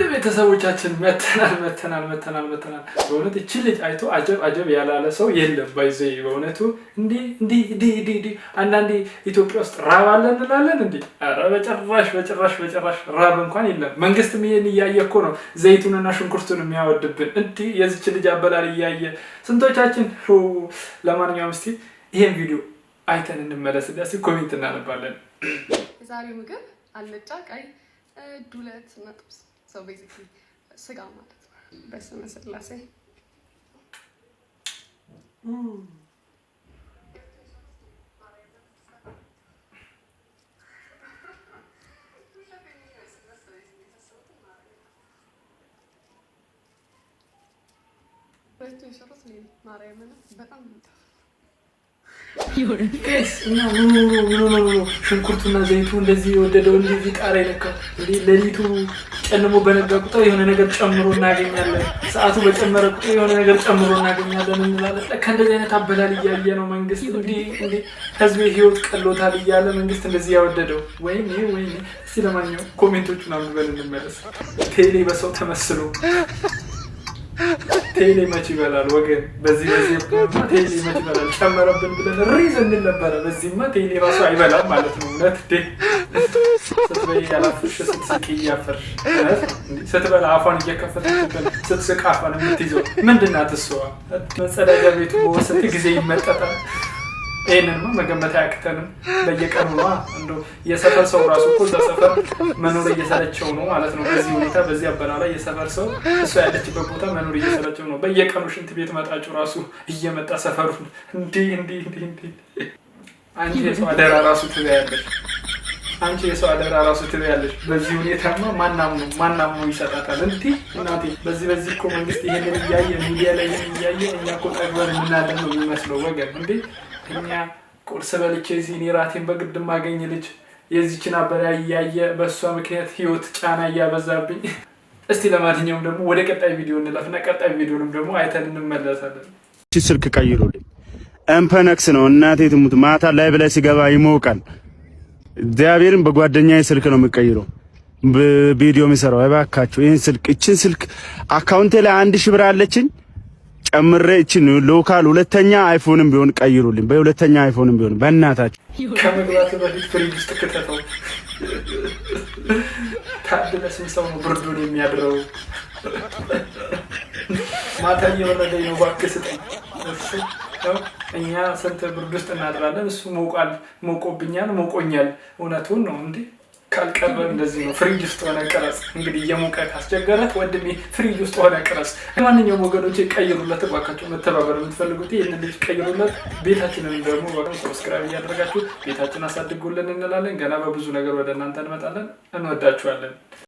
ውድ ቤተሰቦቻችን መተናል መተናል መተናል መተናል። በእውነት እቺ ልጅ አይቶ አጀብ አጀብ ያላለ ሰው የለም። ባይዘ በእውነቱ እንዲህ አንዳንዴ ኢትዮጵያ ውስጥ ራብ አለ እንላለን። እንዲ በጭራሽ በጭራሽ በጭራሽ ራብ እንኳን የለም። መንግስትም ይሄን እያየ እኮ ነው ዘይቱንና ሽንኩርቱን የሚያወድብን። እንዲ የዚች ልጅ አበላል እያየ ስንቶቻችን። ለማንኛውም እስኪ ይሄን ቪዲዮ አይተን እንመለስ። እስኪ ኮሜንት እናነባለን። የዛሬው ምግብ አልጫ ቀይ ዱለት ነጥብስ ሰው ቤዚክሊ ስጋ ማለት ነው። በስመ ስላሴ ሁለቱ የሰሩት ማርያምን በጣም ሽንኩርቱና ዘይቱ እንደዚህ የወደደው እንደዚህ ቃራ ይለካል። ሌሊቱ ጨልሞ በነጋ ቁጥር የሆነ ነገር ጨምሮ እናገኛለን። ሰዓቱ በጨመረ ቁጥር የሆነ ነገር ጨምሮ እናገኛለን እንላለን። ከእንደዚህ አይነት አበላል እያየ ነው መንግስት፣ ህዝብ ህይወት ቀሎታል እያለ መንግስት እንደዚህ ያወደደው ወይም ይህ ወይም። እስኪ ለማንኛውም ኮሜንቶቹን አንብበን እንመለስ። ቴሌ በሰው ተመስሎ ቴሌ መች ይበላል ወገን። በዚህ በዚህ ቴሌ መች ይበላል ጨመረብን ብለን ሪዝ እንል ነበረ። በዚህማ ቴሌ ራሱ አይበላም ማለት ነው። እውነት ስትበይ ስትስቅ እያፈርሽ ስትበላ አፏን እየከፈተች ስትስቅ አፏን የምትይዘው ምንድን ናት? እሷ መጸዳጃ ቤቱ በወሰት ጊዜ ይመጠጣል። ይህንን መገመት አያቅተንም። በየቀኑ ነዋ። እንደ የሰፈር ሰው ራሱ እኮ በሰፈር መኖር እየሰለቸው ነው ማለት ነው። በዚህ ሁኔታ በዚህ ላይ የሰፈር ሰው እሷ ያለችበት ቦታ መኖር እየሰለቸው ነው። በየቀኑ ሽንት ቤት መጣጩ ራሱ እየመጣ ሰፈሩ እንዲህ እንዲህ እንዲህ እንዲህ። አንቺ የሰው አደራ ራሱ ትበያለሽ። አንቺ የሰው አደራ ራሱ ትበያለሽ። በዚህ ሁኔታ ነው ማናም ነው ማናም ነው ይሰጣታል። እንዲህ እናቴ በዚህ በዚህ እኮ መንግስት ይሄንን እያየ ሚዲያ ላይ ይህን እያየ እኛ እኮ ጠግበር የምናደር ነው የሚመስለው ወገን እንዴ እኛ ቁርስ በልቼ የዚህን ራቴን በግድ ማገኝ ልጅ የዚችን አበሪያ እያየ በእሷ ምክንያት ህይወት ጫና እያበዛብኝ። እስቲ ለማንኛውም ደግሞ ወደ ቀጣይ ቪዲዮ እንለፍና ቀጣይ ቪዲዮንም ደግሞ አይተን እንመለሳለን። ስልክ ቀይሮልኝ እምፐነክስ ነው እናቴ ትሙት። ማታ ላይ ብላይ ሲገባ ይሞቃል። እግዚአብሔርን በጓደኛዬ ስልክ ነው የምቀይረው ቪዲዮ የሚሰራው። እባካችሁ ይህን ስልክ እችን ስልክ አካውንቴ ላይ አንድ ሺህ ብር አለችኝ ጨምሬ እችን ሎካል ሁለተኛ አይፎንም ቢሆን ቀይሩልኝ። በሁለተኛ አይፎንም ቢሆን በእናታችሁ ከመግባት በፊት ፍሪጅ ውስጥ ክተተው። ታድለ ሰው ነው ብርዱን የሚያድረው። ማታ እየወረደ ነው። እባክህ ስጠኝ። እኛ ስንት ብርድ ውስጥ እናድራለን። እሱ ሞቋል፣ ሞቆብኛል፣ ሞቆኛል። እውነቱን ነው እንዴ ካልቀረበ እንደዚህ ነው። ፍሪጅ ውስጥ ሆነ ቅረጽ። እንግዲህ የሞቀ ካስቸገረ ወንድሜ ፍሪጅ ውስጥ ሆነ ቅረጽ። ማንኛውም ወገኖች ቀይሩለት እባካችሁ። መተባበር የምትፈልጉት ይህን ልጅ ቀይሩለት። ቤታችንን ደግሞ ሰብስክራይብ እያደረጋችሁ ቤታችን አሳድጉልን እንላለን። ገና በብዙ ነገር ወደ እናንተ እንመጣለን። እንወዳችኋለን።